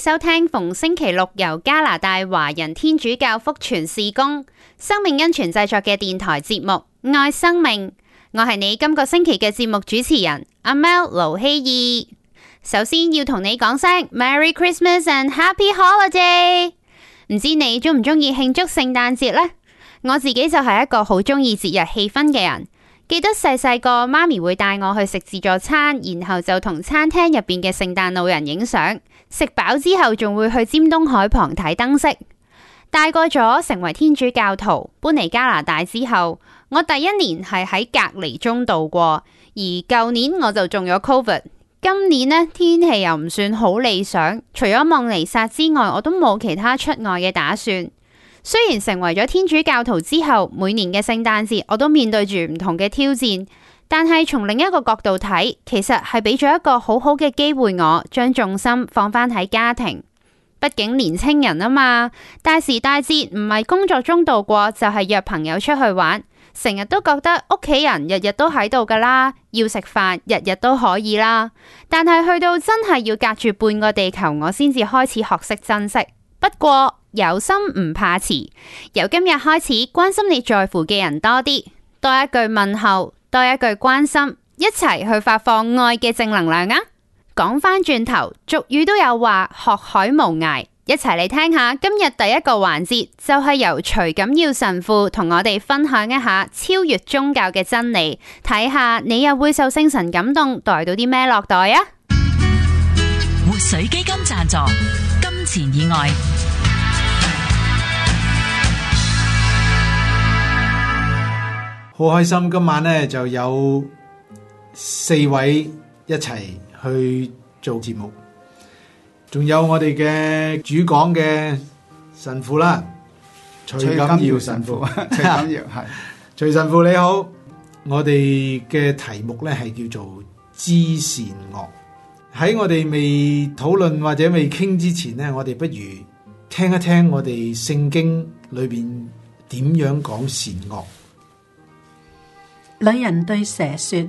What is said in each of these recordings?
收聽逢星期六由加拿大華人天主教福傳事工生命恩泉製作嘅電台節目《愛生命》，我係你今個星期嘅節目主持人阿 mel 盧希義。首先要同你講聲 Merry Christmas and Happy Holiday，唔知你中唔中意慶祝聖誕節呢？我自己就係一個好中意節日氣氛嘅人。記得細細個，媽咪會帶我去食自助餐，然後就同餐廳入邊嘅聖誕老人影相。食飽之後，仲會去尖東海旁睇燈飾。大個咗，成為天主教徒，搬嚟加拿大之後，我第一年係喺隔離中度過，而舊年我就中咗 Covid。今年呢，天氣又唔算好理想，除咗望彌撒之外，我都冇其他出外嘅打算。雖然成為咗天主教徒之後，每年嘅聖誕節，我都面對住唔同嘅挑戰。但係從另一個角度睇，其實係俾咗一個好好嘅機會，我將重心放返喺家庭。畢竟年青人啊嘛，大時大節唔係工作中度過，就係約朋友出去玩。成日都覺得屋企人日日都喺度噶啦，要食飯日日都可以啦。但係去到真係要隔住半個地球，我先至開始學識珍惜。不過有心唔怕遲，由今日開始，關心你在乎嘅人多啲，多一句問候。多一句關心，一齊去發放愛嘅正能量啊！講翻轉頭，俗語都有話學海無涯，一齊嚟聽下。今日第一個環節就係由徐錦耀神父同我哋分享一下超越宗教嘅真理，睇下你又會受聖神感動袋到啲咩落袋啊！活水基金贊助，金錢以外。好開心，今晚咧，就有四位一齊去做節目，仲有我哋嘅主講嘅神父啦，嗯、徐錦堯神父，徐錦堯係， 徐錦堯，徐神父你好，我哋嘅題目咧係叫做知善惡。喺我哋未討論或者未傾之前咧，我哋不如聽一聽我哋聖經裏邊點樣講善惡。女人對蛇說：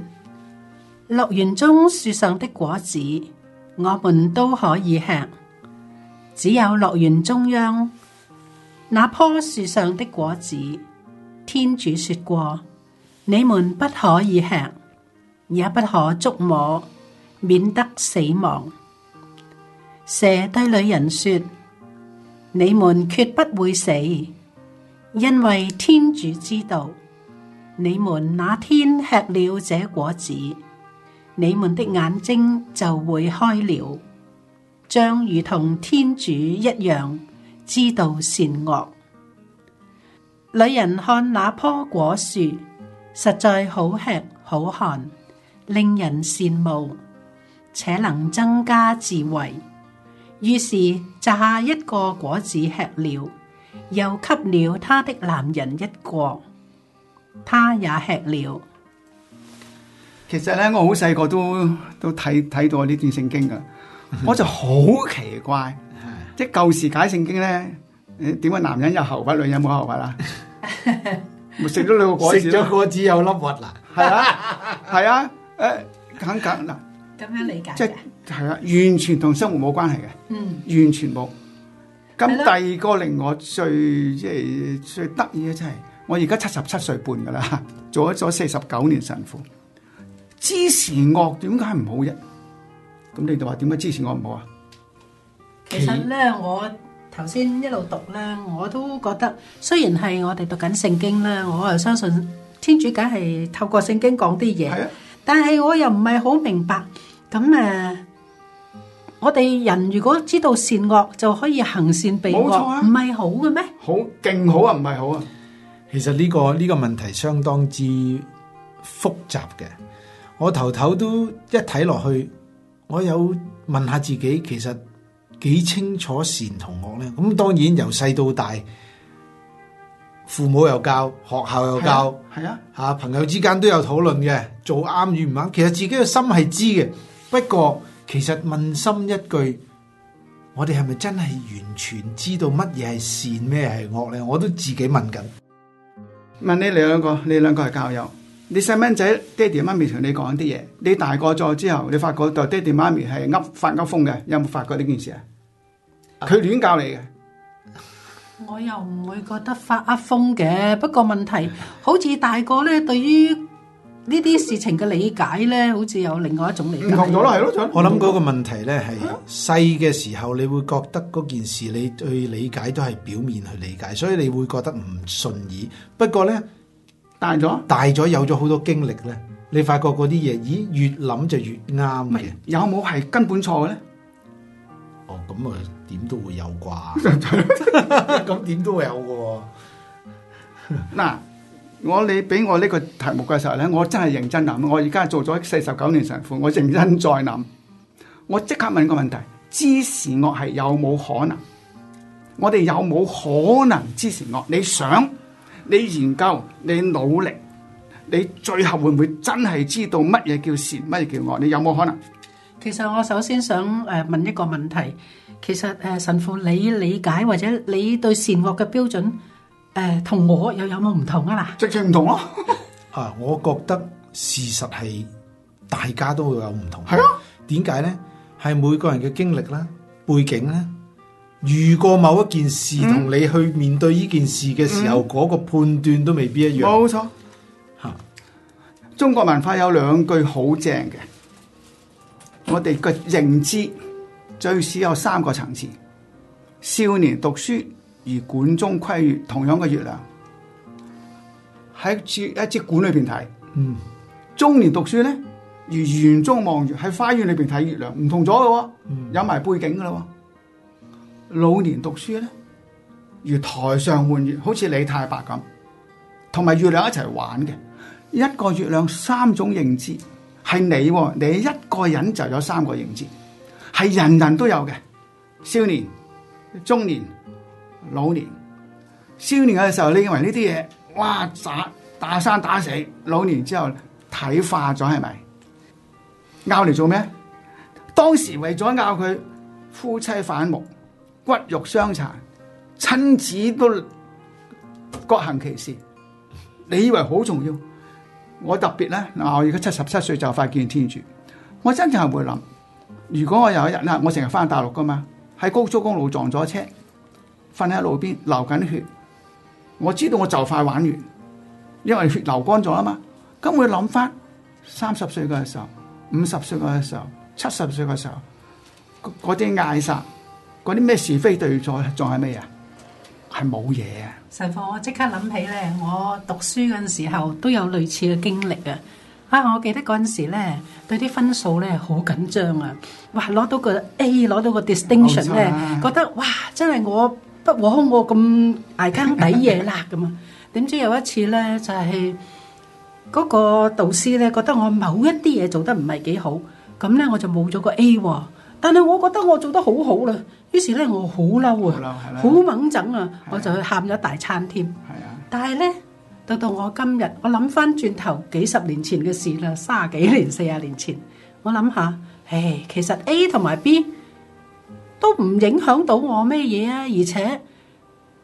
樂園中樹上的果子，我們都可以吃。只有樂園中央那棵樹上的果子，天主說過，你們不可以吃，也不可觸摸，免得死亡。蛇對女人說：你們決不會死，因為天主知道。你們那天吃了這果子，你們的眼睛就會開了，將如同天主一樣知道善惡。女人看那棵果樹，實在好吃好看，令人羨慕，且能增加智慧。於是摘下一個果子吃了，又給了她的男人一個。他也吃了。其實咧，我好細個都都睇睇到呢段聖經噶，我就好奇怪， 即係舊時解聖經咧，點解男人有喉核，有女人冇喉核啦？食咗 兩個果子有粒核啦，係 啊，係啊，誒，僅僅嗱，咁樣理解，即係係啊，完全同生活冇關係嘅，嗯，完全冇。咁第二個令我最 即係最得意嘅就係。我而家七十七歲半噶啦，做咗四十九年神父，知善惡點解唔好啫？咁你哋話點解知善惡唔好啊？其實咧，我頭先一路讀咧，我都覺得雖然係我哋讀緊聖經咧，我啊相信天主梗係透過聖經講啲嘢，啊、但係我又唔係好明白。咁誒、啊，我哋人如果知道善惡就可以行善避惡，唔係、啊、好嘅咩？好勁好啊，唔係好啊。其實呢、呢個呢、呢個問題相當之複雜嘅，我頭頭都一睇落去，我有問下自己，其實幾清楚善同惡呢？咁當然由細到大，父母又教，學校又教，係啊，吓、啊啊、朋友之間都有討論嘅，做啱與唔啱，其實自己嘅心係知嘅。不過其實問心一句，我哋係咪真係完全知道乜嘢係善咩係惡呢？我都自己問緊。問你，你兩個你兩個係教友，你細蚊仔爹哋媽咪同你講啲嘢，你大個咗之後，你發覺對爹哋媽咪係噏發噏風嘅，有冇發覺呢件事啊？佢亂教你嘅，我又唔會覺得發噏風嘅，不過問題好似大個咧，對於。呢啲事情嘅理解咧，好似有另外一種理解。咗啦，係囉。我諗嗰個問題咧，係細嘅時候你會覺得嗰件事你對理解都係表面去理解，所以你會覺得唔順意。不過咧，大咗大咗有咗好多經歷咧，你發覺嗰啲嘢，咦，越諗就越啱。係有冇係根本錯嘅咧？哦，咁啊，點都會有啩？咁點都會有嘅。嗱。你我你俾我呢個題目嘅時候咧，我真係認真諗。我而家做咗四十九年神父，我認真再諗。我即刻問一個問題：知善惡係有冇可能？我哋有冇可能知善惡？你想？你研究？你努力？你最後會唔會真係知道乜嘢叫善，乜嘢叫惡？你有冇可能？其實我首先想誒問一個問題，其實誒神父你理解或者你對善惡嘅標準？誒，同、呃、我又有冇唔同啊？嘛、啊，直情唔同咯。啊，我覺得事實係大家都會有唔同。係、啊，點解咧？係每個人嘅經歷啦、背景啦，如果某一件事同你去面對呢件事嘅時候，嗰、嗯、個判斷都未必一樣。冇、嗯、錯。吓、啊，中國文化有兩句好正嘅，我哋嘅認知最少有三個層次：少年讀書。如管中窺月，同樣嘅月亮喺一支一管裏邊睇。嗯，中年讀書咧，如園中望月，喺花園裏邊睇月亮，唔同咗嘅。有埋背景嘅啦。老年讀書咧，如台上玩月，好似李太白咁，同埋月亮一齊玩嘅。一個月亮三種認知，係你、哦、你一個人就有三個認知，係人人都有嘅。少年、中年。老年、少年嗰陣時候，你認為呢啲嘢，哇打打生打死，老年之後體化咗係咪？拗嚟做咩？當時為咗拗佢，夫妻反目，骨肉相殘，親子都各行其事，你以為好重要？我特別咧，我而家七十七歲就快見天主，我真正係會諗，如果我有一日啦，我成日翻大陸噶嘛，喺高速公路撞咗車。瞓喺路邊流緊血，我知道我就快玩完，因為血流乾咗啊嘛。咁我諗翻三十歲嘅時候、五十歲嘅時候、七十歲嘅時候，嗰啲嗌殺、嗰啲咩是非對錯，仲係咩啊？係冇嘢啊！神父，我即刻諗起咧，我讀書嗰陣時候都有類似嘅經歷啊！啊，我記得嗰陣時咧對啲分數咧好緊張啊，哇攞到個 A，攞到個 distinction 咧，啊、覺得哇真係我～不枉我咁捱更抵夜啦咁啊！點知有一次咧，就係嗰個導師咧覺得我某一啲嘢做得唔係幾好，咁咧我就冇咗個 A 喎。但係我覺得我做得好好啦，於是咧我好嬲啊，好掹憎啊，我就去喊咗大餐添。係啊！但係咧，到到我今日，我諗返轉頭幾十年前嘅事啦，卅幾年、四十年前，我諗下，唉，其實 A 同埋 B。都唔影響到我咩嘢啊！而且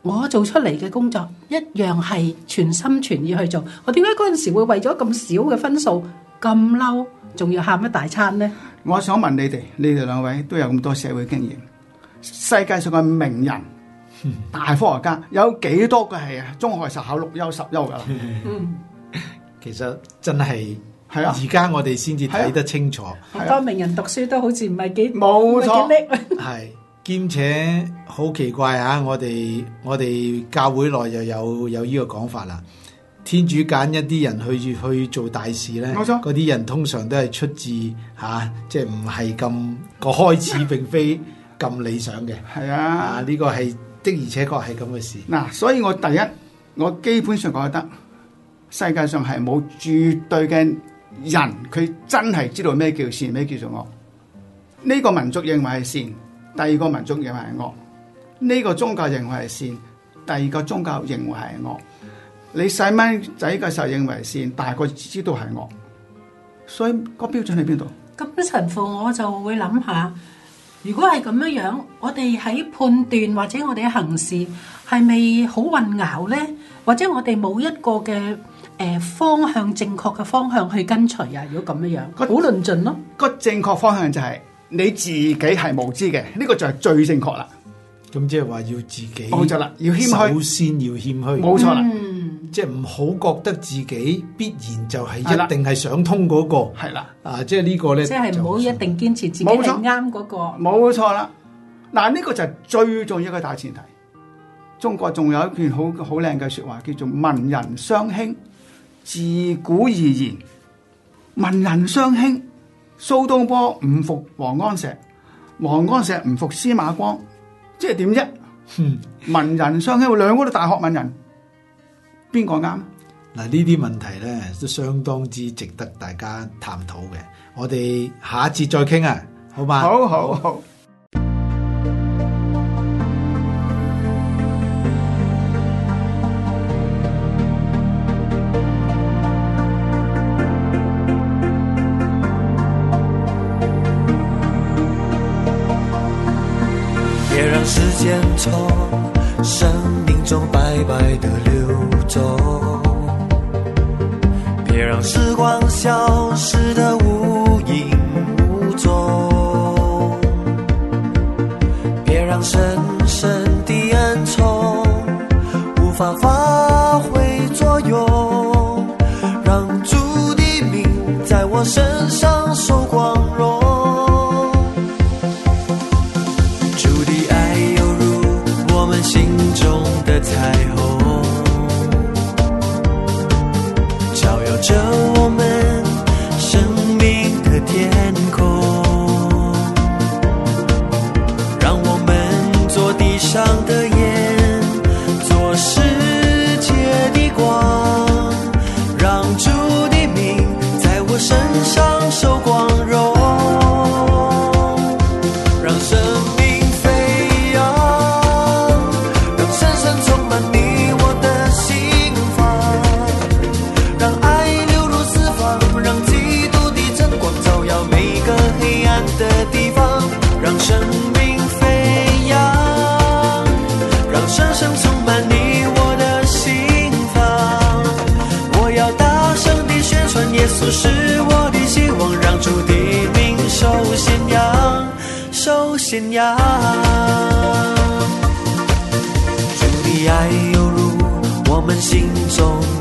我做出嚟嘅工作一樣係全心全意去做。我點解嗰陣時會為咗咁少嘅分數咁嬲，仲要喊一大餐呢？我想問你哋，你哋兩位都有咁多社會經驗，世界上嘅名人、大科學家，有幾多個係中學時考六優十優噶啦？其實真係。而家、啊、我哋先至睇得清楚，好、啊啊、多名人讀書都好似唔係幾冇錯，係兼錯且好奇怪嚇、啊！我哋我哋教會內又有有呢個講法啦。天主揀一啲人去去做大事咧，冇錯、啊。嗰啲人通常都係出自嚇，即係唔係咁個開始並非咁理想嘅。係啊，呢、啊這個係的而且確係咁嘅事。嗱，所以我第一我基本上覺得世界上係冇絕對嘅。人佢真係知道咩叫善，咩叫做惡。呢個民族認為係善，第二個民族認為係惡。呢個宗教認為係善，第二個宗教認為係惡。你細蚊仔嘅時候認為善，大個知道係惡。所以個標準喺邊度？咁神父，我就會諗下，如果係咁樣樣，我哋喺判斷或者我哋行事係咪好混淆咧？或者我哋冇一個嘅？誒、呃、方向正確嘅方向去跟隨啊！如果咁樣樣，好那論盡咯、啊。個正確方向就係你自己係無知嘅，呢、這個就係最正確啦。咁即係話要自己冇錯啦，要謙虛先要謙虛，冇錯啦。即係唔好覺得自己必然就係一定係想通嗰、那個，係啦的。的啊，即、就、係、是、呢個咧，即係唔好一定堅持自己啱嗰個冇錯啦。嗱、那個，呢、啊這個就係最重要嘅大前提。中國仲有一段好好靚嘅説話，叫做文人相輕。自古而言，文人相輕。蘇東坡唔服王安石，王安石唔服司馬光，即係點啫？ 文人相輕，兩個都大學文人，邊個啱？嗱，呢啲問題咧都相當之值得大家探討嘅。我哋下一節再傾啊，好嗎？好好好。好好時間從生命中白白的流走，別讓時光消失得無影無蹤，別讓深深的恩寵無法發揮作用，讓主的名在我身上頌。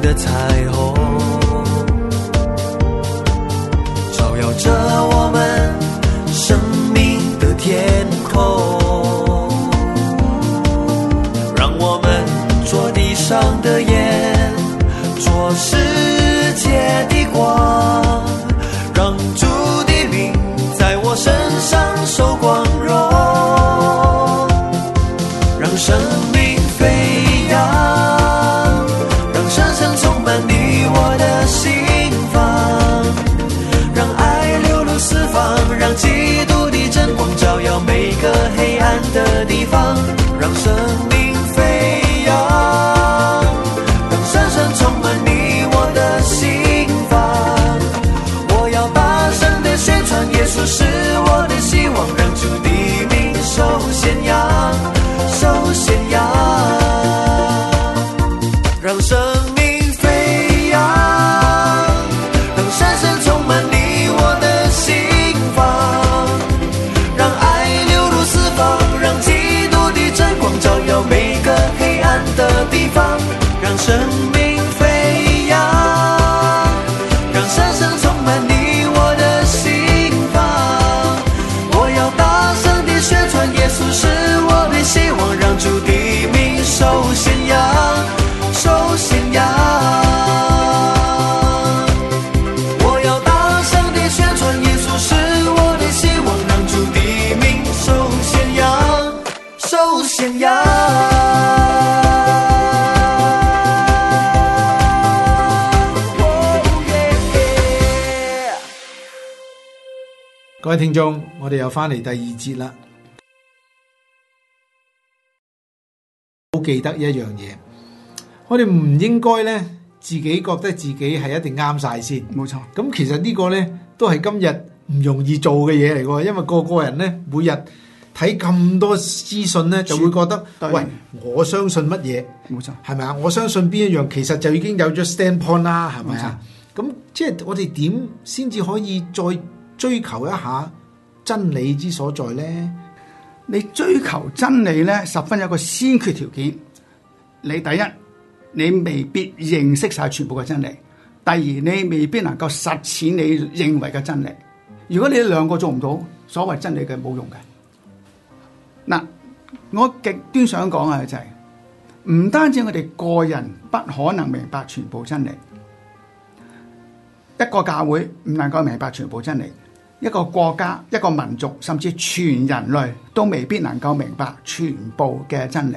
的彩虹。各位聽眾，我哋又翻嚟第二節啦。好記得一樣嘢，我哋唔應該咧，自己覺得自己係一定啱晒先。冇錯。咁其實呢個咧，都係今日唔容易做嘅嘢嚟嘅，因為個個人咧，每日睇咁多資訊咧，就會覺得，喂，我相信乜嘢？冇錯。係咪啊？我相信邊一樣？其實就已經有咗 standpoint 啦，係咪啊？咁即係我哋點先至可以再？追求一下真理之所在咧，你追求真理咧，十分有一個先決條件。你第一，你未必認識晒全部嘅真理；第二，你未必能夠實踐你認為嘅真理。如果你兩個做唔到，所謂真理嘅冇用嘅。嗱，我極端想講嘅就係唔單止我哋個人不可能明白全部真理，一個教會唔能夠明白全部真理。一個國家、一個民族，甚至全人類都未必能夠明白全部嘅真理。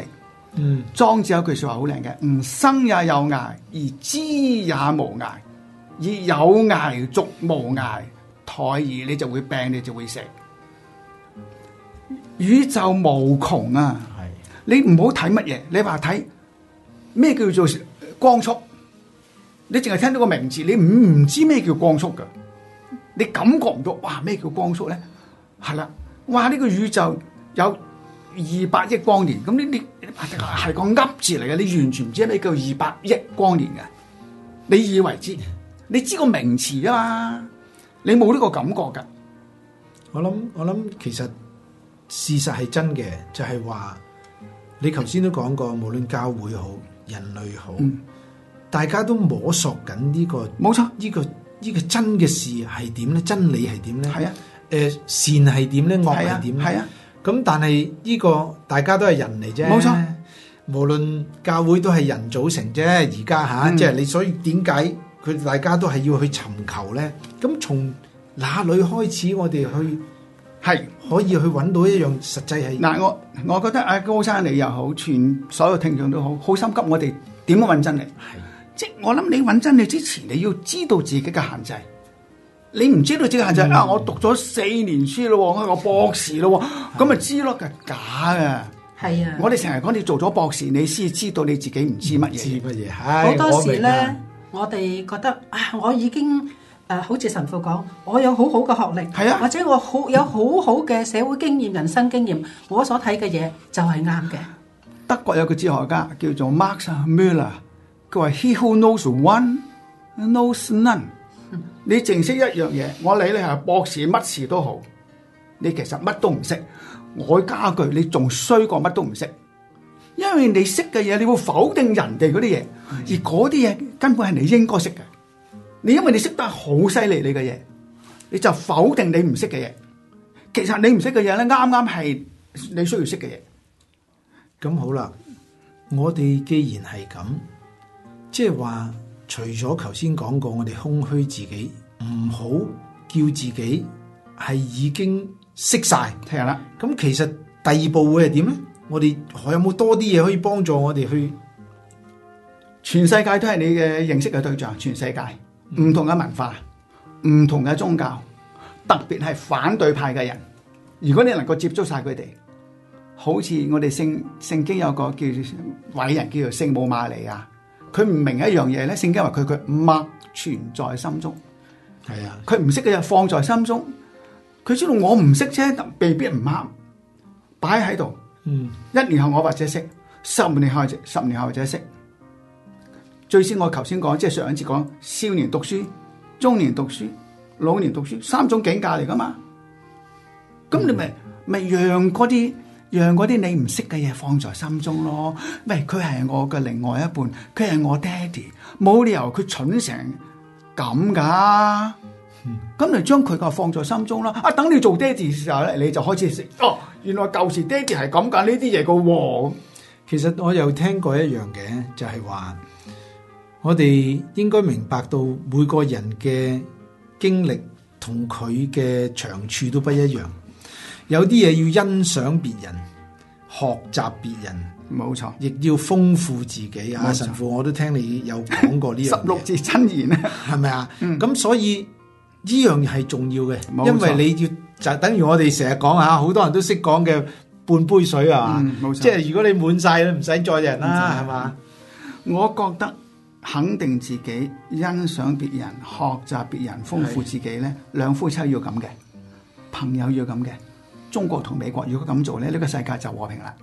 莊、嗯、子有句說話好靚嘅，唔、嗯、生也有涯，而知也無涯；以有涯逐無涯，殆而你就會病，你就會死。宇宙無窮啊！是你唔好睇乜嘢，你話睇咩叫做光速？你淨係聽到個名字，你唔唔知咩叫光速嘅。你感覺唔到哇咩叫光速咧？係啦，哇呢個宇宙有二百億光年，咁你你係的個噏字嚟嘅，你完全唔知咩叫二百億光年嘅。你以為知？你知個名詞啊嘛？你冇呢個感覺噶。我諗我諗，其實事實係真嘅，就係話你頭先都講過，無論教會好，人類好，嗯、大家都摸索緊呢個，冇錯呢個。呢個真嘅事係點咧？真理係點咧？係啊，誒、呃、善係點咧？惡係點咧？係啊，咁、啊、但係呢、這個大家都係人嚟啫，冇錯錯。無論教會都係人組成啫，而家嚇，即係、嗯啊就是、你。所以點解佢大家都係要去尋求咧？咁從哪裡開始我哋去係是可以去揾到一樣實際係嗱？我我覺得阿高生你又好，全所有聽眾都好好心急，我哋點揾真理？係。即我諗你搵真理之前，你要知道自己嘅限制。你唔知道自己限制的啊！我讀咗四年書咯，我博士咯，咁咪的知咯？的假嘅。係啊的。我哋成日講你做咗博士，你先知道你自己唔知乜嘢。乜嘢？好、哎、多時咧，我哋覺得啊，我已經誒、呃，好似神父講，我有好好嘅學歷，的或者我好有好好嘅社會經驗、人生經驗，我所睇嘅嘢就係啱嘅。德國有個哲學家叫做 Max Muller 佢話：He who knows one knows none。 你淨識一樣嘢，我理你係博士，乜事都好。你其實乜都唔識，我加句，你仲衰過乜都唔識。因為你識嘅嘢，你會否定人哋嗰啲嘢，的而嗰啲嘢根本係你應該識嘅。你因為你識得好犀利，你嘅嘢你就否定你唔識嘅嘢。其實你唔識嘅嘢咧，啱啱係你需要識嘅嘢。咁好啦，我哋既然係咁。即係話，除咗頭先講過，我哋空虛自己，唔好叫自己係已經識晒，聽下啦。咁其實第二步會係點咧？我哋還有冇多啲嘢可以幫助我哋去？全世界都係你嘅認識嘅對象，全世界唔、嗯、同嘅文化，唔同嘅宗教，特別係反對派嘅人。如果你能夠接觸晒佢哋，好似我哋聖聖經有個叫做偉人叫做聖母瑪利亞。佢唔明一樣嘢咧，聖經話佢，佢默存在心中，係啊，佢唔識嘅就放在心中，佢知道我唔識啫，未必唔啱，擺喺度，嗯，一年後我或者識，十年後十年後或者識，最先我頭先講，即係上一次講，少年讀書、中年讀書、老年讀書三種境界嚟噶嘛，咁你咪咪、嗯、讓嗰啲。讓嗰啲你唔識嘅嘢，放在心中咯。喂，佢係我嘅另外一半，佢係我爹哋，冇理由佢蠢成咁噶。咁你將佢個放在心中啦。啊，等你做爹哋嘅時候咧，你就開始食。哦。原來舊時爹哋係咁噶，呢啲嘢噶。其實我又聽過一樣嘅，就係話我哋應該明白到每個人嘅經歷同佢嘅長處都不一樣。有啲嘢，要欣賞別人、學習別人，冇錯，亦要豐富自己啊！神父，我都聽你有講過呢樣十六字真言咧，係咪啊？咁所以呢樣嘢係重要嘅，因為你要，就等於我哋成日講啊，好多人都識講嘅半杯水啊，即係如果你滿晒，唔使再人啦，係嘛？我覺得肯定自己、欣賞別人、學習別人、豐富自己咧，兩夫妻要咁嘅，朋友要咁嘅。中國同美國如果咁做咧，呢個世界就和平啦。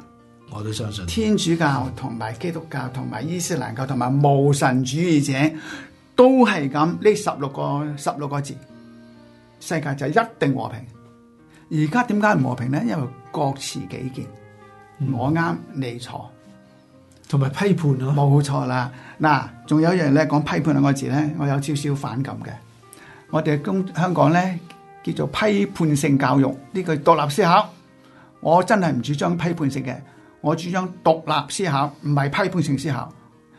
我都相信天主教同埋基督教同埋伊斯蘭教同埋無神主義者都係咁。呢十六個十六個字，世界就一定和平。而家點解唔和平咧？因為各持己見，嗯、我啱你錯，同埋批判咯。冇錯啦。嗱，仲有一樣咧，講批判兩個字咧，我有少少反感嘅。我哋公香港咧。叫做批判性教育呢句獨立思考，我真係唔主張批判性嘅，我主張獨立思考，唔係批判性思考。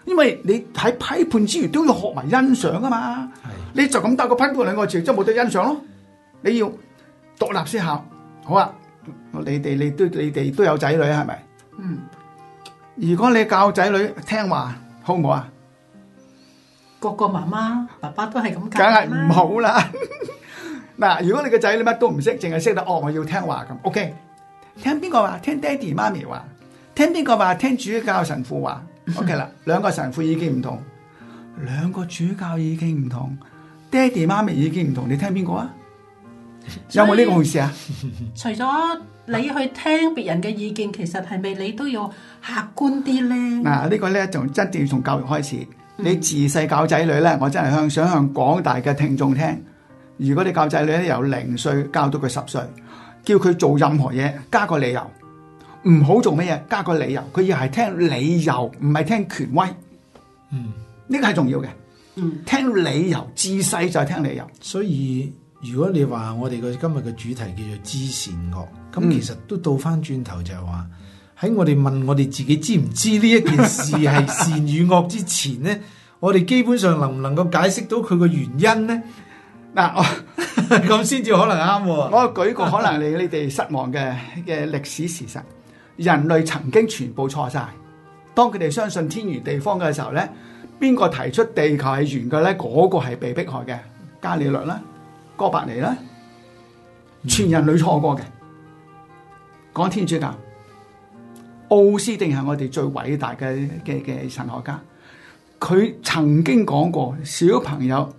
因為你喺批判之餘都要學埋欣賞啊嘛。係的，你就咁得個批判兩個字，即係冇得欣賞咯。你要獨立思考，好啊。你哋你都你哋都有仔女啊，係咪？嗯。如果你教仔女聽話，好唔好啊？個個媽媽爸爸都係咁教媽媽。梗係唔好啦。 嗱，如果你個仔你乜都唔識，淨係識得哦，我要聽話咁，OK。聽邊個話？聽爹哋媽咪話？聽邊個話？聽主教神父話？OK 啦，兩個神父意見唔同，兩個主教意見唔同，爹哋媽咪意見唔同，你聽邊個啊？所以，有冇呢個回事啊？除咗你去聽別人嘅意見，其實係咪你都要客觀啲咧？嗱、啊，這個、呢個咧就真係要從教育開始。你自細教仔女咧，我真係向想向廣大嘅聽眾聽。如果你教仔女咧，由零歲教到佢十歲，叫佢做任何嘢，加個理由，唔好做咩嘢，加個理由，佢要係聽理由，唔係聽權威。嗯，呢個係重要嘅。嗯，聽理由，自細就係聽理由。所以如果你話我哋嘅今日嘅主題叫做知善惡，咁、嗯、其實都倒翻轉頭就係話，喺我哋問我哋自己知唔知呢一件事係善與惡之前咧， 我哋基本上能唔能夠解釋到佢嘅原因咧？咁先至可能啱。我舉個可能令你哋失望嘅、嘅歷史事實： 人類曾經全部錯晒。當佢哋相信天圓地方嘅時候咧，邊個提出地球係圓嘅咧？嗰、嗰個係被迫害嘅，加利略啦，哥白尼啦，全人類錯過嘅。講天主教，奧斯定係我哋最偉大嘅、嘅、嘅神學家，佢曾經講過：小朋友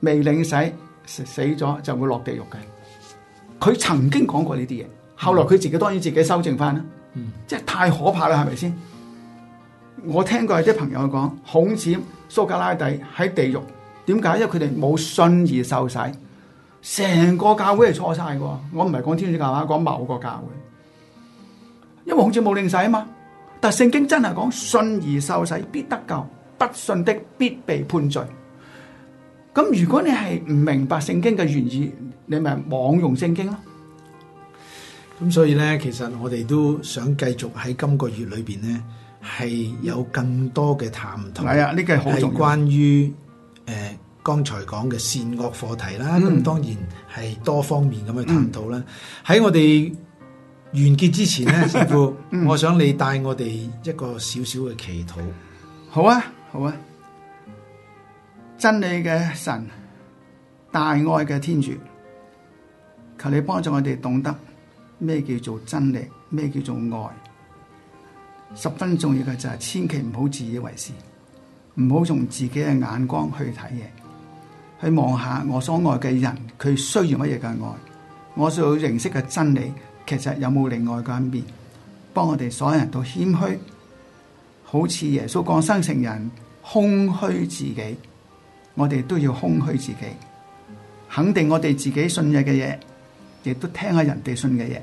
未領洗。」死咗就會落地獄嘅。佢曾經講過呢啲嘢，後來佢自己當然自己修正翻啦。嗯，即係太可怕啦，係咪先？我聽過有啲朋友講，孔子、蘇格拉底喺地獄，點解？因為佢哋冇信而受洗。成個教會係錯晒噶。我唔係講天主教啊，講某個教會，因為孔子冇領洗啊嘛，但係聖經真係講信而受洗必得救，不信的必，必被判罪。咁如果你係唔明白聖經嘅原意，你咪妄用聖經咯。咁所以咧，其實我哋都想繼續喺今個月裏邊咧，係有更多嘅探討。係啊，呢個係好重要。係關於誒、呃、剛才講嘅善惡課題啦。咁、嗯、當然係多方面咁去探討啦。喺、嗯、我哋完結之前咧，師父，我想你帶我哋一個小小嘅祈禱。好啊，好啊。真理嘅神，大愛嘅天主，求你幫助我哋懂得咩叫做真理，咩叫做愛。十分重要嘅就係千祈唔好自以為是，唔好用自己嘅眼光去睇嘢，去望下我所愛嘅人佢需要乜嘢嘅愛。我所認識嘅真理其實有冇另外嘅一面？幫我哋所有人都謙虛，好似耶穌降生成人，空虛自己。我哋都要空虛自己，肯定我哋自己信嘅嘢，亦都聽下人哋信嘅嘢，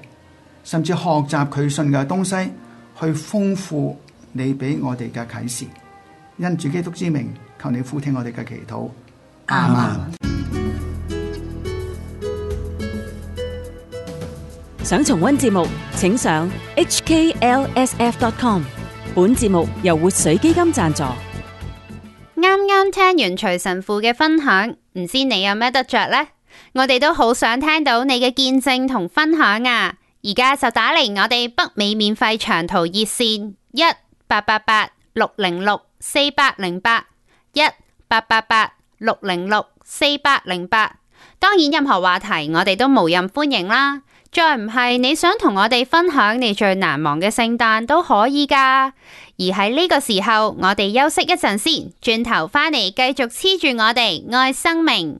甚至學習佢信嘅東西，去豐富你俾我哋嘅啟示。因住基督之名，求你俯聽我哋嘅祈禱。阿門 Amen 想重溫節目，請上 hklsf.com。本節目由活水基金贊助。啱啱聽完徐神父嘅分享，唔知你有咩得着呢？我哋都好想聽到你嘅見證同分享啊！而家就打嚟我哋北美免費長途熱線一八八八六零六四八零八一八八八六零六四八零八，當然任何話題我哋都無任歡迎啦。再唔係你想同我哋分享你最難忘嘅聖誕都可以噶，而喺呢個時候，我哋休息一陣先，轉頭返嚟繼續黐住我哋愛生命。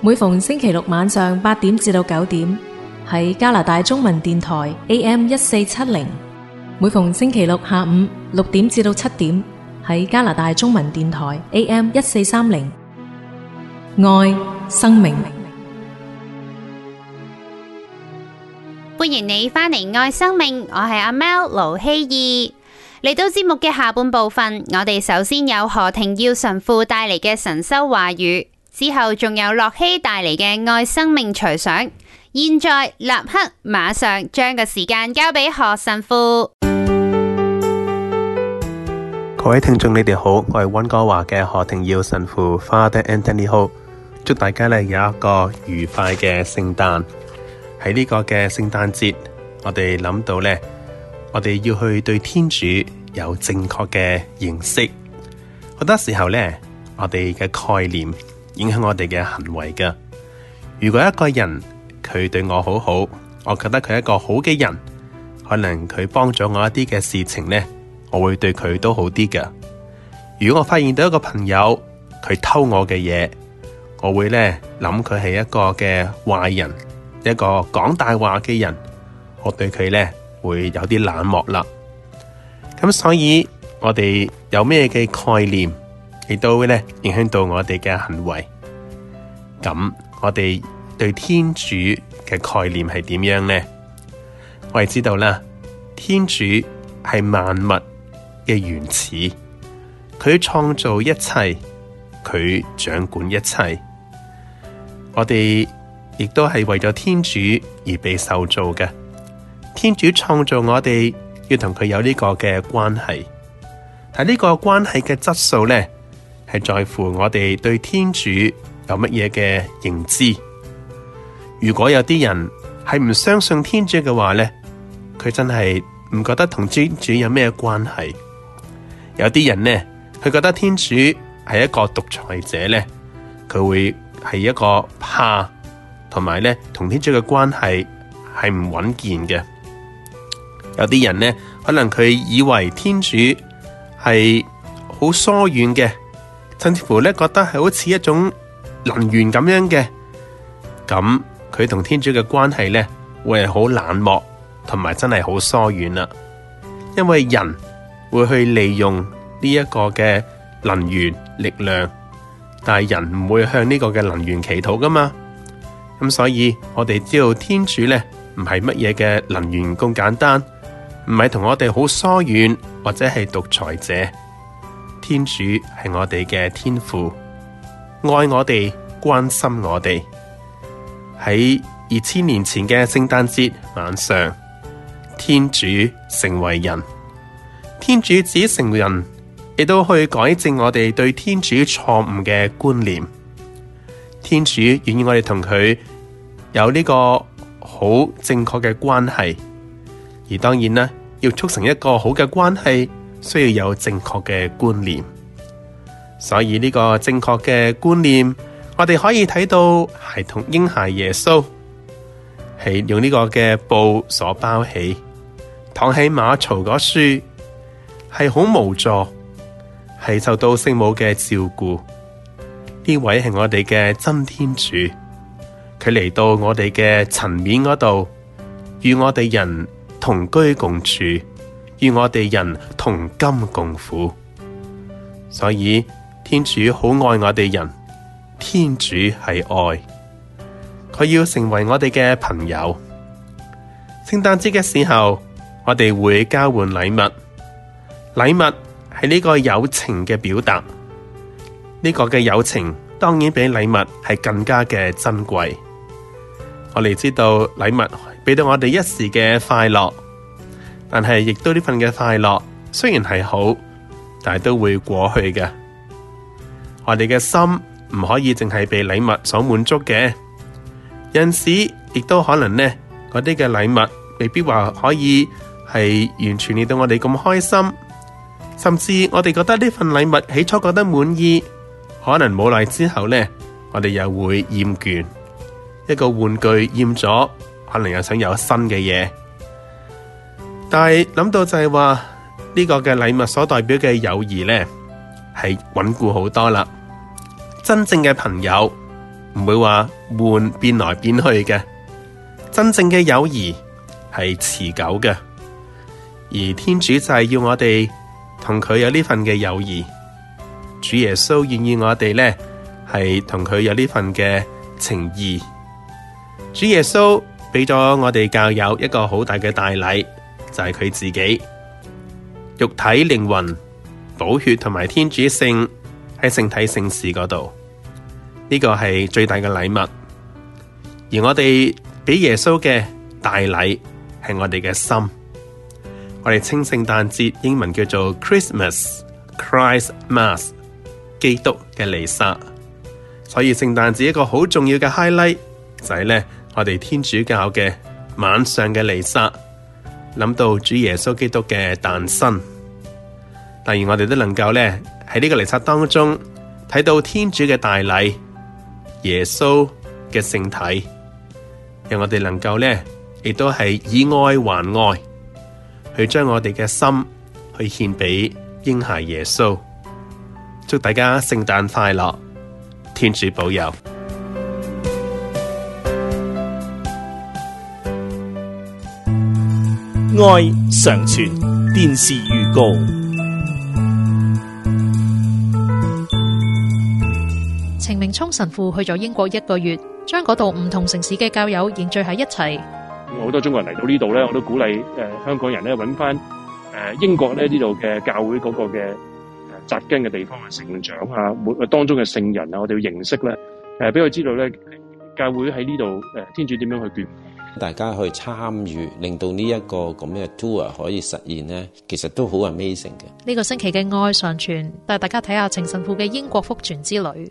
每逢星期六晚上八點至到九點，喺加拿大中文電台 AM 一四七零；每逢星期六下午六點至到七點，喺加拿大中文電台 AM 一四三零。愛生命，歡迎你翻嚟！愛生命，我係阿 Mel 盧希兒。嚟到節目嘅下半部分，我哋首先有何庭耀神父帶嚟嘅神修話語。之後仲有洛希帶嚟嘅愛生命隨想。現在立刻馬上將個時間交俾何神父。各位聽眾，你哋好，我係溫哥華嘅何廷耀神父 Father Anthony。Ho 好，祝大家咧有一個愉快嘅聖誕。喺呢個嘅聖誕節，我哋諗到呢，我哋要去對天主有正確嘅認識。好多時候呢，我哋嘅概念，影響我哋嘅行為㗎。如果一個人佢對我好好，我覺得佢係一個好嘅人，可能佢幫咗我一啲嘅事情呢，我會對佢都好啲㗎。如果我發現到一個朋友佢偷我嘅嘢，我會呢諗佢係一個嘅壞人，一個講大話嘅人，我對佢呢會有啲冷漠啦。咁所以我哋有咩嘅概念，都會咧，影響到我哋嘅行為。咁我哋對天主嘅概念係點樣咧？我哋知道啦，天主係萬物嘅原始，佢創造一切，佢掌管一切。我哋亦都係為咗天主而被受造嘅。天主創造我哋，要同佢有呢個嘅關係。喺呢個關係嘅質素咧。係在乎我哋對天主有乜嘢嘅認知。如果有啲人係唔相信天主嘅話咧，佢真係唔覺得同天主有咩關係。有啲人呢，佢覺得天主係一個獨裁者咧，佢會係一個怕，同埋咧同天主嘅關係係唔穩健嘅。有啲人呢，可能佢以為天主係好疏遠嘅。甚至乎咧，覺得係好似一種能源咁樣嘅，咁佢同天主嘅關係呢，會係好冷漠，同埋真係好疏遠啦、啊。因為人會去利用呢一個嘅能源力量，但係人唔會向呢個嘅能源祈禱噶嘛。咁、嗯、所以，我哋知道天主呢唔係乜嘢嘅能源咁簡單，唔係同我哋好疏遠或者係獨裁者。天主係我哋嘅天父，愛我哋，關心我哋。喺二千年前嘅聖誕節晚上，天主成為人，天主自己成人，亦都去改正我哋對天主錯誤嘅觀念。天主願意我哋同佢有呢個好正確嘅關係，而當然啦，要促成一個好嘅關係。需要有正確嘅觀念，所以呢個正確嘅觀念，我哋可以睇到係，同嬰孩耶穌係用呢個嘅布所包起，躺喺馬槽嗰處，係好無助，係受到聖母嘅照顧。呢位係我哋嘅真天主，佢嚟到我哋嘅層面嗰度，與我哋人同居共處。與我哋人同甘共苦，所以天主好愛我哋人。天主係愛，佢要成為我哋嘅朋友。聖誕節嘅時候，我哋會交換禮物。禮物係呢個友情嘅表達，呢個嘅友情當然比禮物係更加嘅珍貴。我哋知道禮物俾到我哋一時嘅快樂。但係，亦都呢份嘅快樂雖然係好，但係都會過去嘅。我哋嘅心唔可以淨係被禮物所滿足嘅。有時亦都可能呢嗰啲嘅禮物未必話可以係完全令到我哋咁開心。甚至我哋覺得呢份禮物起初覺得滿意，可能冇耐之後呢，我哋又會厭倦。一個玩具厭咗，可能又想有新嘅嘢。但係諗到就係話呢個嘅禮物所代表嘅友誼呢，係穩固好多啦。真正嘅朋友唔會話換變來變去嘅，真正嘅友誼係持久嘅。而天主就係要我哋同佢有呢份嘅友誼，主耶穌願意我哋呢，係同佢有呢份嘅情誼。主耶穌俾咗我哋教友一個好大嘅大禮。就係佢自己，肉體、靈魂、寶血同埋天主性喺聖體聖事嗰度。呢、這個係最大嘅禮物。而我哋俾耶穌嘅大禮係我哋嘅心。我哋稱聖誕節英文叫做 Christmas，Christ Mass，基督嘅彌撒。所以聖誕節一個好重要嘅 highlight 就係咧，我哋天主教嘅晚上嘅彌撒。諗到主耶穌基督嘅誕生，當然我哋都能夠呢。喺呢個禮冊當中睇到天主嘅大禮，耶穌嘅聖體，讓我哋能夠呢，亦都係以愛還愛，去將我哋嘅心去獻俾嬰孩耶穌。祝大家聖誕快樂，天主保佑。愛常傳電視預告。程明聰神父去咗英國一個月，將嗰度唔同城市嘅教友凝聚喺一齊。好多中國人嚟到呢度咧，我都鼓勵誒、呃、香港人咧揾翻誒英國咧呢度嘅教會嗰個嘅扎根嘅地方嚟成長啊，每當中嘅聖人啊，我哋要認識咧，誒俾佢知道咧，教會喺呢度誒天主點樣去眷。大家去參與，令到呢、這、一個咁嘅 tour 可以實現咧，其實都好 amazing 嘅。呢個星期嘅愛上傳帶大家睇下情神父嘅英國福傳之旅。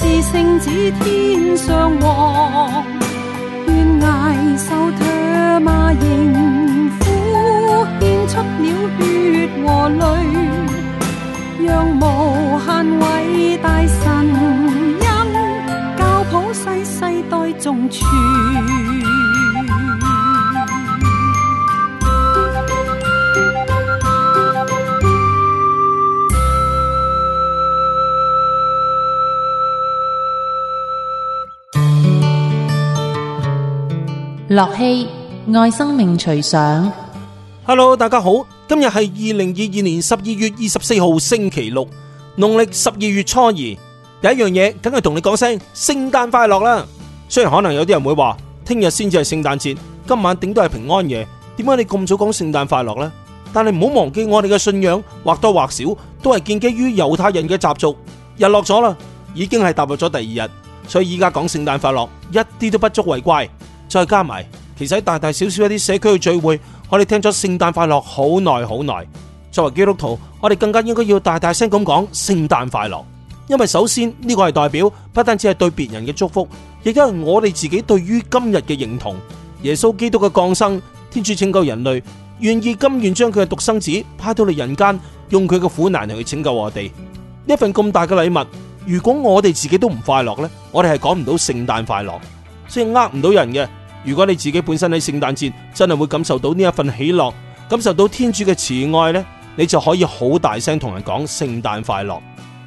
是聖子天上王，願挨受唾罵仍苦，獻出了血和淚，讓無限偉大神恩教普世世代眾傳。樂器愛生命隨想，Hello，大家好，今日係二零二二年十二月二十四號星期六，農曆十二月初二。第一樣嘢，梗係同你講聲聖誕快樂啦。雖然可能有啲人會話，聽日先至係聖誕節，今晚頂多都係平安夜，點解你咁早講聖誕快樂呢？但係唔好忘記我哋嘅信仰，或多或少都係建基於猶太人嘅習俗。日落咗啦，已經係踏入咗第二日，所以依家講聖誕快樂，一啲都不足為怪。再加埋，其實喺大大小小一啲社區嘅聚會，我哋聽咗聖誕快樂好耐好耐。作為基督徒，我哋更加應該要大大聲咁講聖誕快樂。因為首先呢個係代表不單止係對別人嘅祝福，亦都係我哋自己對於今日嘅認同。耶穌基督嘅降生，天主拯救人類，願意甘願將佢嘅獨生子派到嚟人間，用佢嘅苦難嚟去拯救我哋。一份咁大嘅禮物，如果我哋自己都唔快樂呢，我哋係講唔到聖誕快樂，所以呃唔到人嘅。如果你自己本身喺聖誕節真係會感受到呢一份喜樂，感受到天主嘅慈愛，呢你就可以好大聲同人講聖誕快樂。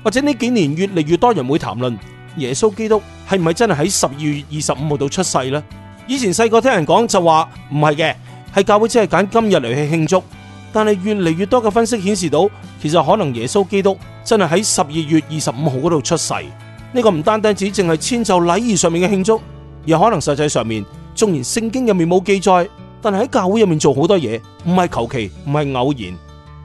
或者呢幾年越嚟越多人會談論耶穌基督係唔係真係喺十二月二十五號度出世呢？以前細個聽人講就話唔係嘅，係教會只係揀今日嚟去慶祝。但係越嚟越多嘅分析顯示到，其實可能耶穌基督真係喺十二月二十五號嗰度出世。呢個唔單單只淨係遷就禮儀上面嘅慶祝，而可能實際上面。縱然聖經入面冇記載，但係喺教會入面做好多嘢，唔係求其，唔係偶然，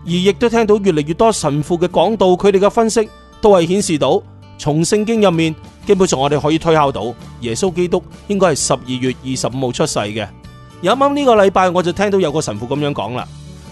而亦都聽到越嚟越多神父嘅講道，佢哋嘅分析都係顯示到，從聖經入面，基本上我哋可以推敲到，耶穌基督應該係十二月二十五號出世嘅。而啱啱呢個禮拜，我就聽到有個神父咁樣講啦。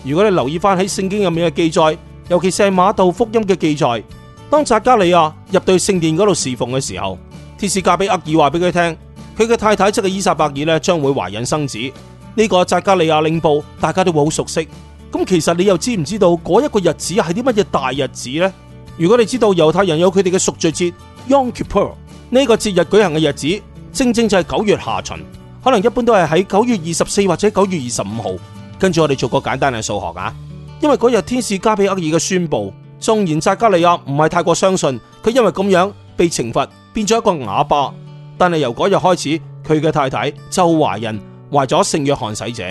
如果你留意翻喺聖經入面嘅記載，尤其是喺馬竇福音嘅記載，當匝加利亞入到去聖殿嗰度侍奉嘅時候，天使嫁俾厄爾話俾佢聽。佢嘅太太即係伊撒伯爾咧，將會懷孕生子。呢、這個扎加利亞領報，大家都會好熟悉。咁其實你又知唔知道嗰一個日子係啲乜嘢大日子呢？如果你知道猶太人有佢哋嘅贖罪節，Yom Kippur，呢個節日舉行嘅日子正正就係九月下旬，可能一般都係喺九月二十四或者九月二十五號。跟住我哋做個簡單嘅數學啊，因為嗰日天，天使加比厄爾嘅宣布，縱然扎加利亞唔係太過相信，佢因為咁樣被懲罰，變咗一個啞巴。但係由嗰日開始，佢嘅太太就懷孕懷咗聖約翰洗者。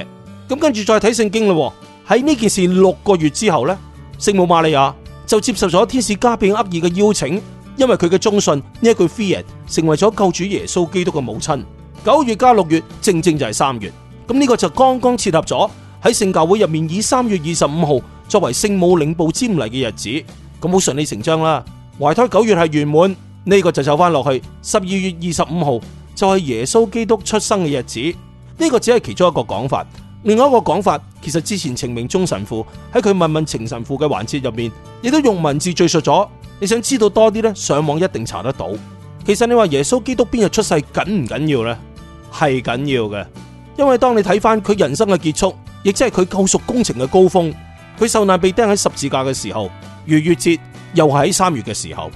咁跟住再睇聖經啦，喺呢件事六個月之後呢，聖母瑪利亞就接受咗天使加俾厄爾嘅邀請，因為佢嘅忠信呢一句 Fiat 成為咗救主耶穌基督嘅母親。九月加六月，正正就係三月。咁呢個就剛剛設立咗喺聖教會入面，以三月二十五號作為聖母領報瞻禮嘅日子。咁好順理成章啦。懷胎九月係圓滿。呢個就走翻，落去十二月二十五號就係耶穌基督出生嘅日子，呢個只係其中一個講法。另外一個講法，其實之前情明中神父喺佢問問情神父嘅環節入面，亦都用文字敘述咗。你想知道多啲呢，上網一定查得到。其實你話耶穌基督邊日出世緊唔緊要呢？係緊要嘅，因為當你睇翻佢人生嘅結束，亦即係佢救贖工程嘅高峰，佢受難被釘喺十字架嘅時候，逾越節又係喺三月嘅時候。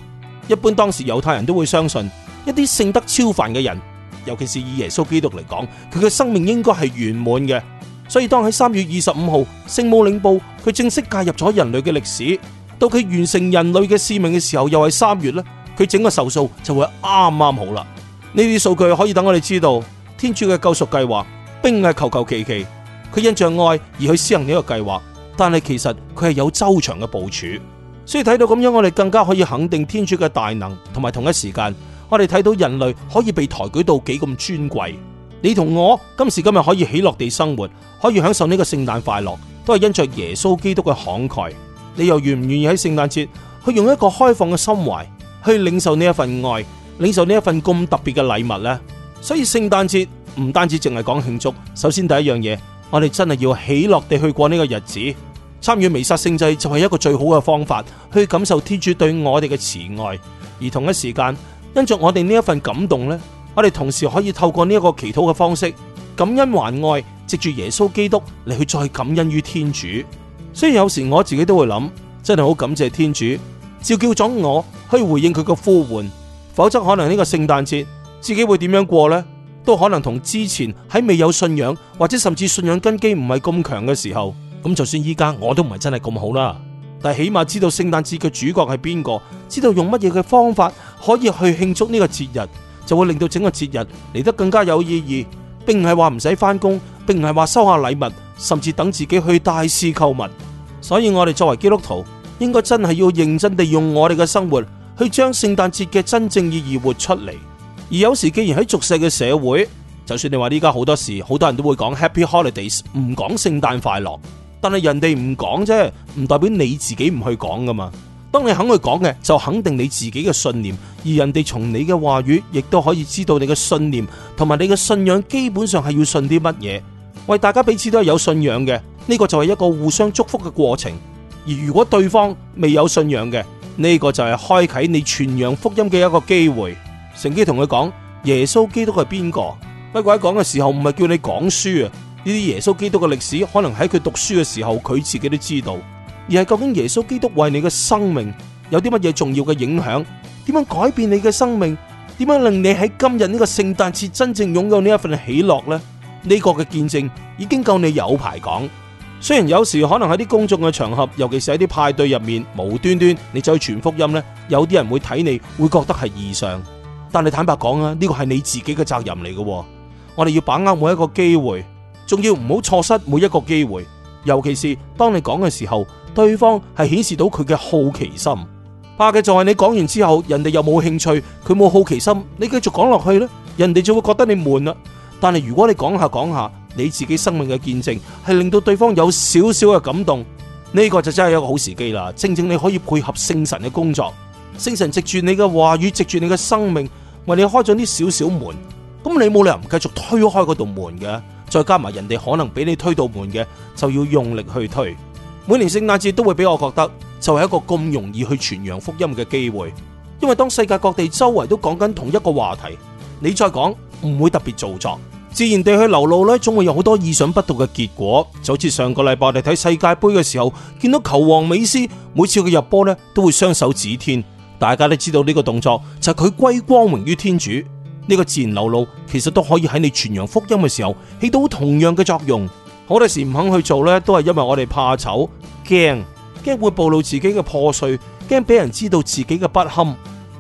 一般當時猶太人都會相信一啲聖德超凡嘅人，尤其是以耶穌基督嚟講，佢嘅生命應該係圓滿嘅。所以當喺三月二十五號聖母領報，佢正式介入咗人類嘅歷史。到佢完成人類嘅使命嘅時候，又係三月呢，佢整個壽數就會啱啱好啦。呢啲數據可以等我哋知道，天主嘅救贖計劃並唔係求求其其，佢因着愛而去施行呢個計劃，但係其實佢係有周詳嘅部署。所以睇到咁樣，我哋更加可以肯定天主嘅大能，同埋同一時間，我哋睇到人類可以被抬舉到幾咁尊貴。你同我今時今日可以喜樂地生活，可以享受呢個聖誕快樂，都係因着耶穌基督嘅慷慨。你又願唔願意喺聖誕節去用一個開放嘅心懷去領受呢一份愛，領受呢一份咁特別嘅禮物呢？所以聖誕節唔單止淨係講慶祝，首先第一樣嘢，我哋真係要喜樂地去過呢個日子。參與彌撒聖祭就係一個最好嘅方法，去感受天主對我哋嘅慈愛。而同一時間，因着我哋呢一份感動呢，我哋同時可以透過呢一個祈禱嘅方式，感恩還愛，藉住耶穌基督嚟去再感恩於天主。雖然有時我自己都會諗，真係好感謝天主，照叫咗我去回應佢嘅呼喚，否則可能呢個聖誕節自己會點樣過呢？都可能同之前喺未有信仰，或者甚至信仰根基唔係咁強嘅時候。咁就算依家我都唔係真係咁好啦，但係起碼知道聖誕節嘅主角係邊個，知道用乜嘢嘅方法可以去慶祝呢個節日，就會令到整個節日嚟得更加有意義，並唔係話唔使翻工，並唔係話收下禮物，甚至等自己去大肆購物。所以我哋作為基督徒，應該真係要認真地用我哋嘅生活去將聖誕節嘅真正意義活出嚟。而有時既然喺俗世嘅社會，就算你話依家好多時，好多人都會講 Happy Holidays，唔講聖誕快樂。但係人哋唔講啫，唔代表你自己唔去講噶嘛。當你肯去講嘅，就肯定你自己嘅信念，而人哋從你嘅話語，亦都可以知道你嘅信念同埋你嘅信仰，基本上係要信啲乜嘢。為大家彼此都係有信仰嘅，呢個就係一個互相祝福嘅過程。而如果對方未有信仰嘅，呢個就係開啟你傳揚福音嘅一個機會，乘機同佢講耶穌基督係邊個。不過喺講嘅時候，唔係叫你講書啊。呢啲耶穌基督嘅歷史，可能喺佢讀書嘅時候，佢自己都知道。而係究竟耶穌基督為你嘅生命有啲乜嘢重要嘅影響？點樣改變你嘅生命？點樣令你喺今日呢個聖誕節真正擁有呢一份喜樂呢？呢個嘅見證已經夠你有排講。雖然有時可能喺啲公眾嘅場合，尤其是喺啲派對入面，無端端你就去傳福音呢，有啲人會睇你會覺得係異常。但係坦白講啊，呢個係你自己嘅責任嚟嘅。我哋要把握每一個機會。仲要唔好錯失每一個機會，尤其是當你講嘅時候，對方係顯示到佢嘅好奇心。怕嘅就係你講完之後，人哋又冇興趣，佢冇好奇心，你繼續講落去呢，人哋就會覺得你悶啦。但係如果你講下講下，你自己生命嘅見證係令到對方有少少嘅感動，呢個就真係一個好時機啦。正正你可以配合聖神嘅工作，聖神藉住你嘅話語，藉住你嘅生命，為你開咗啲少少門，咁你冇理由唔繼續推開嗰道門嘅。再加埋人哋可能俾你推到門嘅，就要用力去推。每年聖誕節都會俾我覺得，就係一個咁容易去傳揚福音嘅機會。因為當世界各地周圍都講緊同一個話題，你再講唔會特別做作，自然地去流露呢，總會有好多意想不到嘅結果。就好似上個禮拜我哋睇世界杯嘅時候，見到球王美斯每次嘅入波呢，都會雙手指天，大家都知道呢個動作就係佢歸光榮於天主。呢個自然流露，其實都可以喺你傳揚福音嘅時候起到同樣嘅作用。好多時唔肯去做呢，都係因為我哋怕醜、驚、驚會暴露自己嘅破碎，驚俾人知道自己嘅不堪。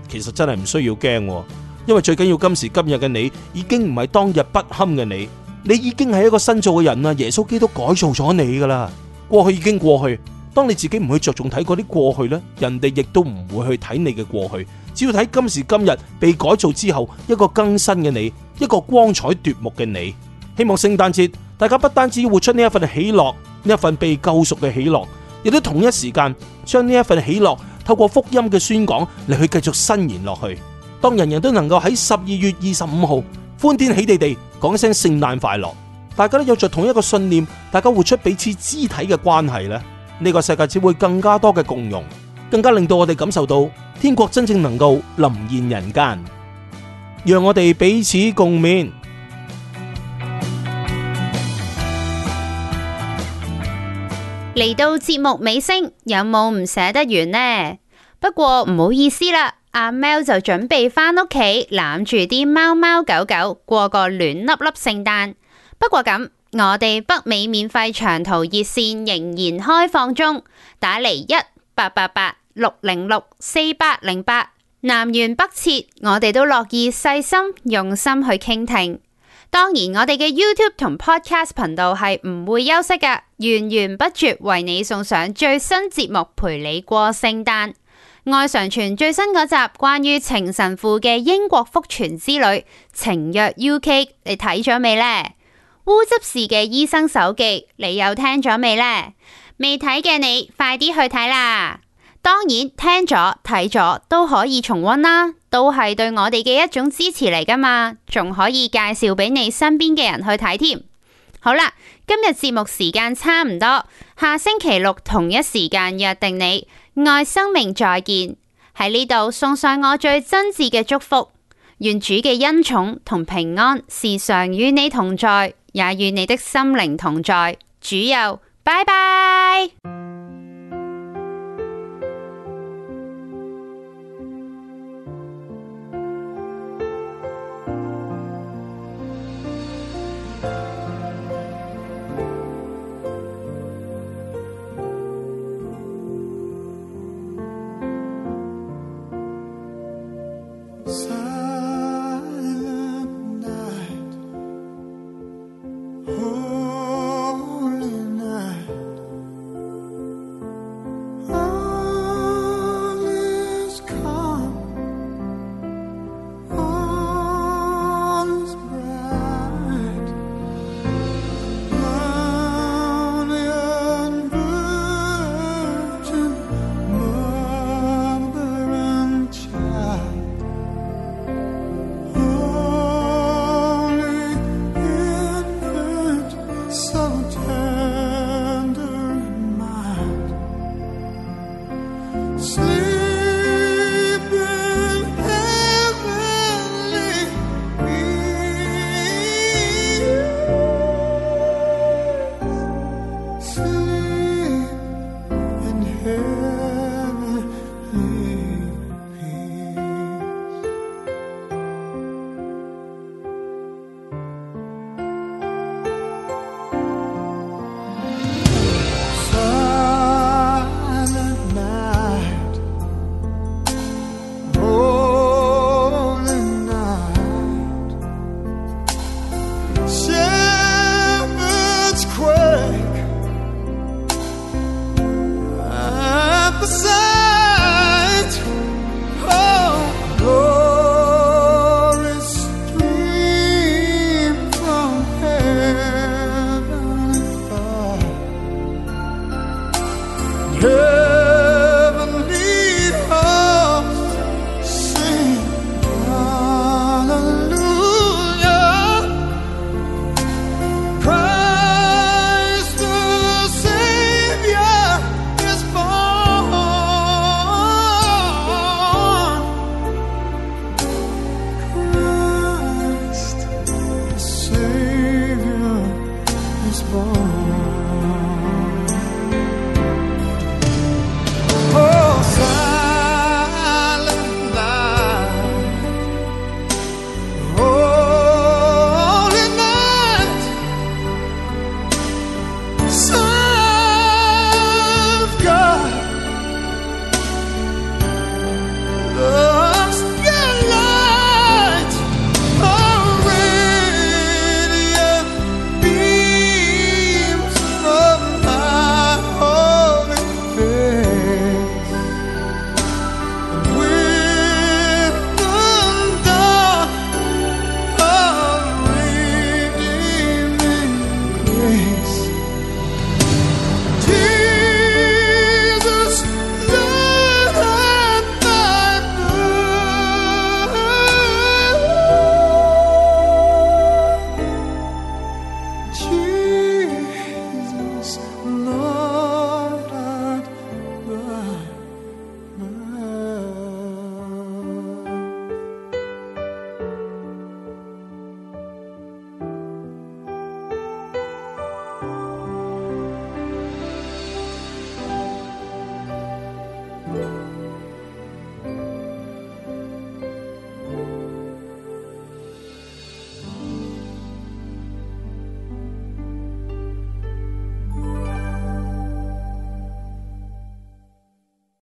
其實真係唔需要驚，因為最緊要今時今日嘅你，已經唔係當日不堪嘅你，你已經係一個新造嘅人啦。耶穌基督改造咗你噶啦，過去已經過去。當你自己唔去着重睇嗰啲過去呢，人哋亦都唔會去睇你嘅過去。只要睇今時今日被改造之後，一個更新嘅你，一個光彩奪目嘅你，希望聖誕節大家不單止活出呢一份喜樂，呢一份被救贖嘅喜樂，亦都同一時間將呢一份喜樂透過福音嘅宣講嚟，去繼續伸延落去。當人人都能夠喺十二月二十五號歡天喜地地講一聲聖誕快樂，大家都有著同一個信念，大家活出彼此肢體嘅關係呢，呢個世界只會更加多嘅共融。更加令到我哋感受到天國真正能夠臨現人間，讓我哋彼此共勉。嚟到節目尾聲，有冇唔捨得完呢？不過唔好意思啦，阿喵就準備返屋企攬住啲貓貓狗狗過個暖粒粒聖誕。不過咁，我哋北美免費長途熱線仍然開放中，打嚟一八八八。六零六四八零八，8, 南轅北轍，我哋都樂意細心用心去傾聽。當然，我哋嘅 YouTube 同 Podcast 頻道係唔會休息㗎，源源不絕為你送上最新節目，陪你過聖誕。愛上傳最新嗰集關於情神父嘅英國福傳之旅《情約 UK》，你睇咗未呢？烏執事嘅醫生手記，你又聽咗未呢？未睇嘅你快啲去睇啦！當然聽咗睇咗都可以重溫啦，都係對我哋嘅一種支持嚟㗎嘛，仲可以介紹俾你身邊嘅人去睇添。好啦，今日節目時間差唔多，下星期六同一時間約定你。愛生命再見，喺呢度送上我最真摯嘅祝福，願主嘅恩寵同平安時常與你同在，也與你的心靈同在。主佑，拜拜。